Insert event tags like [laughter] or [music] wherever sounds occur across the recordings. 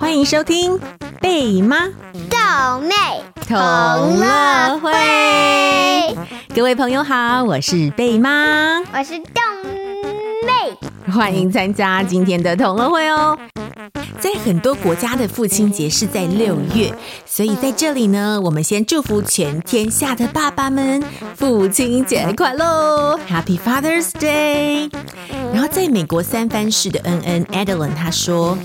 歡迎收聽貝媽豆妹同樂會，各位朋友好，我是貝媽，我是豆妹，歡迎參加今天的同樂會哦。在很多國家的父親節是在六月，所以在這裡呢，我們先祝福全天下的爸爸們父親節快樂，Happy Father's Day。然後，在美國三藩市的恩恩 Adeline 她說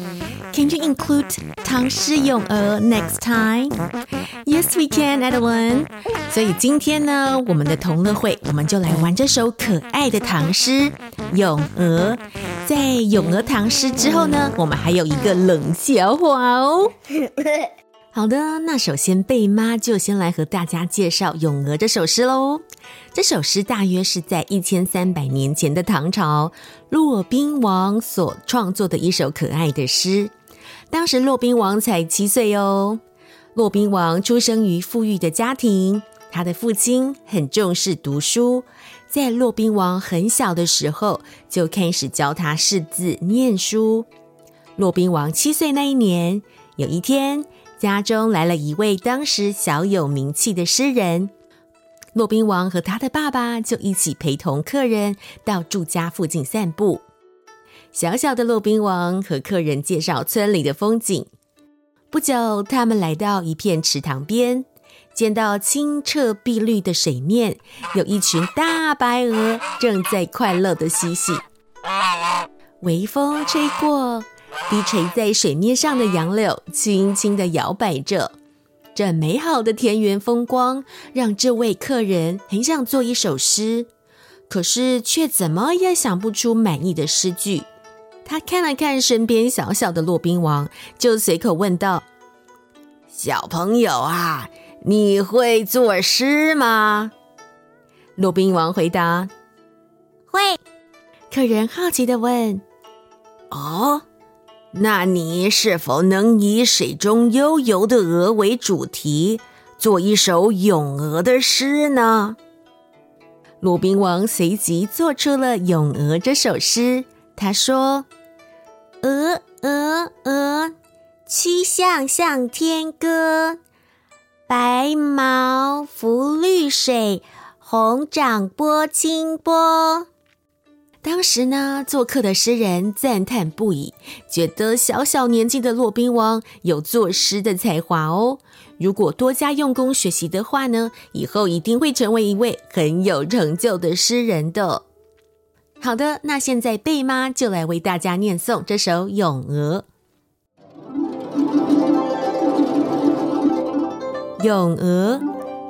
，Can you include 唐詩詠鵝 next time？Yes，we can，Adeline。所以今天呢，我們的同樂會我們就來玩這首可愛的唐詩《詠鵝》。在《詠鵝》唐詩之後呢，我們還有一個冷笑話哦。 [laughs] 好的，那首先貝媽就先來和大家介紹《詠鵝》這首詩嘍。這首詩大約是在一千三百年前的唐朝，駱賓王所創作的一首可愛的詩。當時駱賓王才七歲哦。駱賓王出生於富裕的家庭，他的父親很重視讀書。在駱賓王很小的時候，就開始教他識字、念書。駱賓王七歲那一年，有一天，家中來了一位當時小有名氣的詩人。駱賓王和他的爸爸就一起陪同客人到住家附近散步。小小的駱賓王和客人介紹村裡的風景。不久，他們來到一片池塘邊。見到清澈碧綠的水面，有一群大白鵝正在快樂地嬉戲。微風吹過，低垂在水面上的楊柳輕輕地搖擺着。這美好的田園風光讓這位客人很想做一首詩，可是卻怎麼也想不出滿意的詩句。他看了看身邊小小的駱賓王，就隨口問道：“小朋友啊。”你會作詩嗎？駱賓王回答：“會。”客人好奇地問：“哦，那你是否能以水中悠游的鵝為主題，作一首詠鵝的詩呢？”駱賓王隨即做出了《詠鵝》這首詩。他說：“鵝，鵝，鵝，曲項向天歌。”白毛浮綠水，紅掌撥清波。當時呢，做客的詩人讚嘆不已，覺得小小年紀的駱賓王有作詩的才華哦。如果多加用功學習的話呢，以後一定會成為一位很有成就的詩人的。的好的，那現在貝媽就來為大家念誦這首《詠鵝》。《詠鵝》，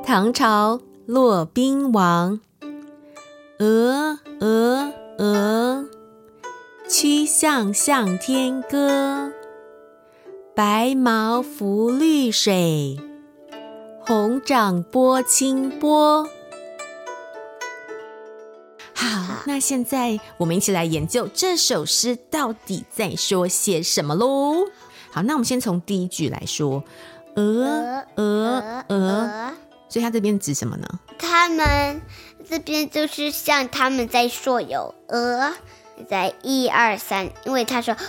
唐朝，駱賓王。鵝，鵝，鵝，曲項向，向天歌。白毛浮綠水，紅掌撥清波。好，那現在我們一起來研究這首詩到底在說些什麼嘍。好，那我們先從第一句來說。鵝鵝鵝，鵝，所以他這邊指什麼呢？他們這邊就是像他們在說有鵝，在一二三，因為他說鵝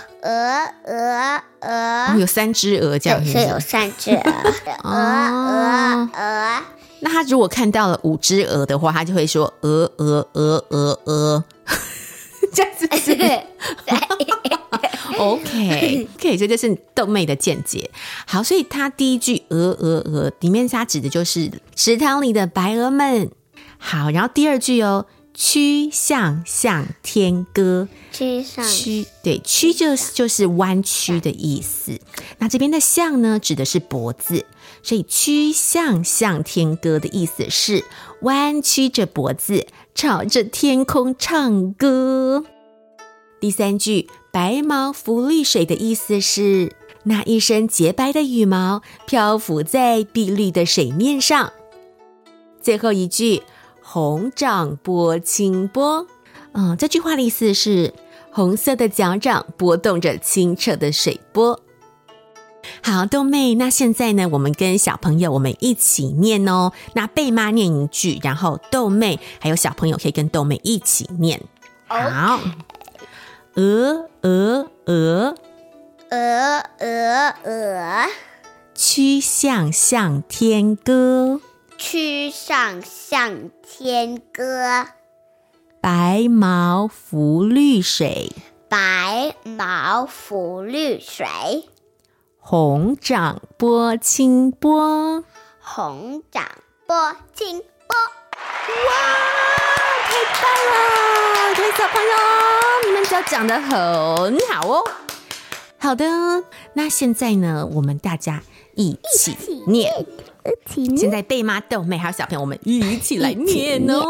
鵝鵝、哦，有三隻鵝這樣有，有三隻鵝 [laughs] 鵝鵝鵝。那他如果看到了五隻鵝的話，他就會說鵝鵝鵝鵝鵝，鵝鵝鵝鵝 [laughs] 這樣子對。 [laughs] [laughs] OK，可以這就是豆妹的見解。好，so, the，所以它第一句“鵝鵝鵝”裡面它指的就是池塘裡的白鵝們。好，然後第二句哦，“曲項向天歌”，曲曲，對，曲就是就是彎曲的意思。那這邊的“項”呢，指的是脖子，所以“曲項向天歌”的意思是彎曲着脖子朝着天空唱歌。第三句。白毛浮綠水的意思是那一身潔白的羽毛漂浮在碧綠的水面上。最後一句紅掌撥清波，嗯，這句話的意思是紅色的腳掌撥動着清澈的水波。好，豆妹，那現在呢，我們跟小朋友我們一起念哦。那貝媽念一句，然後豆妹還有小朋友可以跟豆妹一起念。好。鵝、鵝，鵝、鵝，鵝、鵝，鵝、鵝，鵝、鵝，鵝、鵝。曲項向，向天歌，曲項向天歌。白毛浮綠水，白毛浮綠水。紅掌撥清波，紅掌撥清波。哇！太棒了，位小朋友，你們都要講得很好哦。好的，那現在呢，我們大家一起念，起起現在貝媽、豆妹還有小朋友，我們一起來念哦。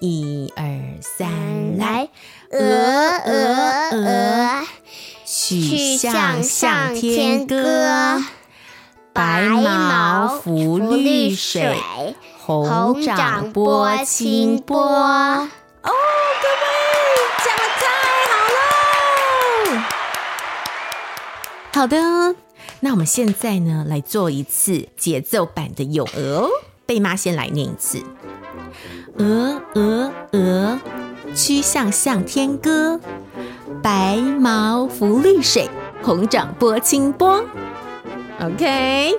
一,一二三，來，鵝鵝鵝，曲、呃、項、呃向，呃呃呃、向天歌，白毛浮綠水。呃呃呃紅掌撥清波。哦，各位，講得太好了。好的，那我們現在呢來做一次節奏版的《詠鵝》哦。貝媽先來念一次：鵝，鵝，鵝，曲項向，向天歌。白毛浮綠水，紅掌撥清波。OK，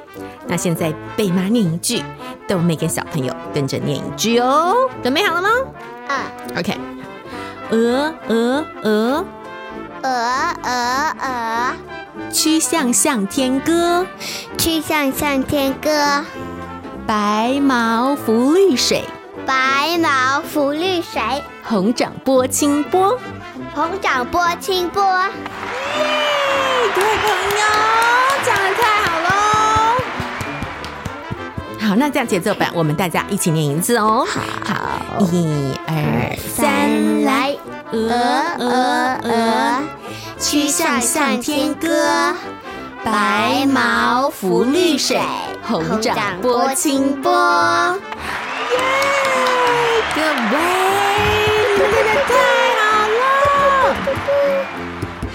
那現在貝媽念一句。豆妹，給小朋友跟着念一句哦，準備好了嗎？啊、uh,，OK。鵝鵝鵝，鵝鵝鵝，曲項向天歌，曲項向，向天歌，白毛浮綠水，白毛浮綠水，紅掌撥清波，紅掌撥清波。耶、yeah,，各位朋友，掌聲！好，那這樣節奏版，我們大家一起念一次哦。好。好，一二三，來，鵝鵝鵝，曲項向，向天歌，白毛浮綠水，紅掌撥清波。耶，各位，你們真的太好了。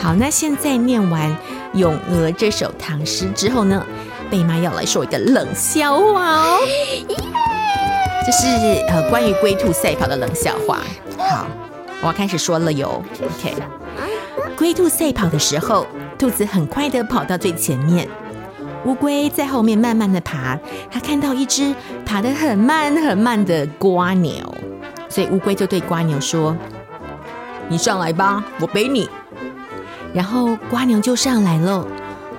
好，那現在念完《詠鵝》這首唐詩之後呢？貝媽要來說一個冷笑話哦、喔，這是呃關於龜兔賽跑的冷笑話。好，我要開始說了喲。OK，龜兔賽跑的時候，兔子很快的跑到最前面，烏龜在後面慢慢的爬。它看到一隻爬的很慢很慢的蝸牛，所以烏龜就對蝸牛說：“你上來吧，我背你。”然後蝸牛就上來了。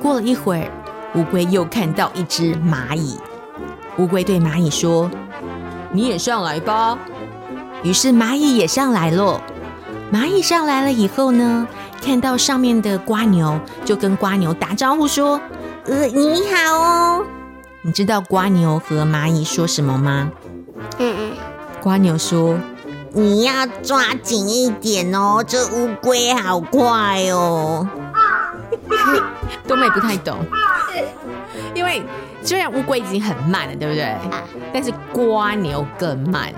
過了一會兒。烏龜又看到一隻螞蟻，烏龜對螞蟻說：“你也上來吧。”於是螞蟻也上來了。螞蟻上來了以後呢，看到上面的蝸牛，就跟蝸牛打招呼說：“呃，你好哦。”你知道蝸牛和螞蟻說什麼嗎？嗯。蝸牛說：“你要抓緊一點哦，這烏龜好快哦。”豆妹不太懂。雖然烏龜已經很慢了，對不對？但是蝸牛更慢，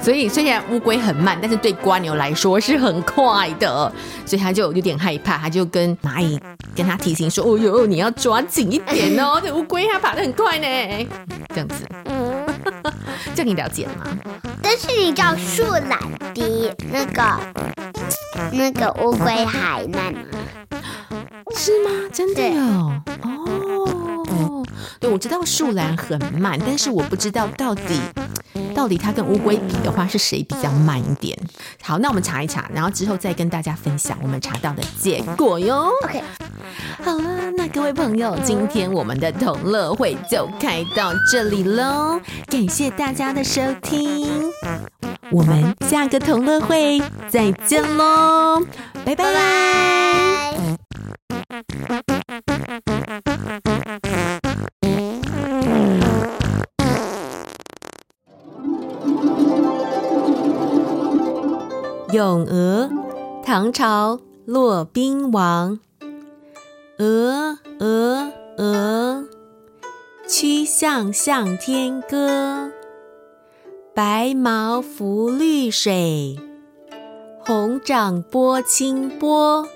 所以雖然烏龜很慢，但是對蝸牛來說是很快的，所以他就有點害怕，他就跟螞蟻跟他提醒說、哎：“哦呦，你要抓緊一點哦、喔，這烏龜它跑得很快呢。”這樣子，這你了解了嗎？但是你叫樹懶比那個那個烏龜還慢嗎？是嗎？真的、喔？對，我知道樹懶很慢，但是我不知道到底，到底它跟烏龜比的話是誰比較慢一點。好，那我們查一查，然後之後再跟大家分享我們查到的結果喲。Okay. 好啊，那各位朋友，今天我們的同樂會就開到這裡嘍，感謝大家的收聽，我們下個同樂會再見嘍，拜拜啦。《詠鵝》唐朝駱賓王。鵝，鵝，鵝，曲項向，向天歌。白毛浮綠水，紅掌撥清波。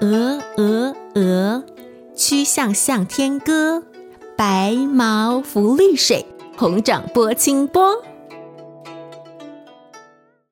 鵝，鵝，鵝，曲項向，向天歌。白毛浮綠水。紅掌撥清波。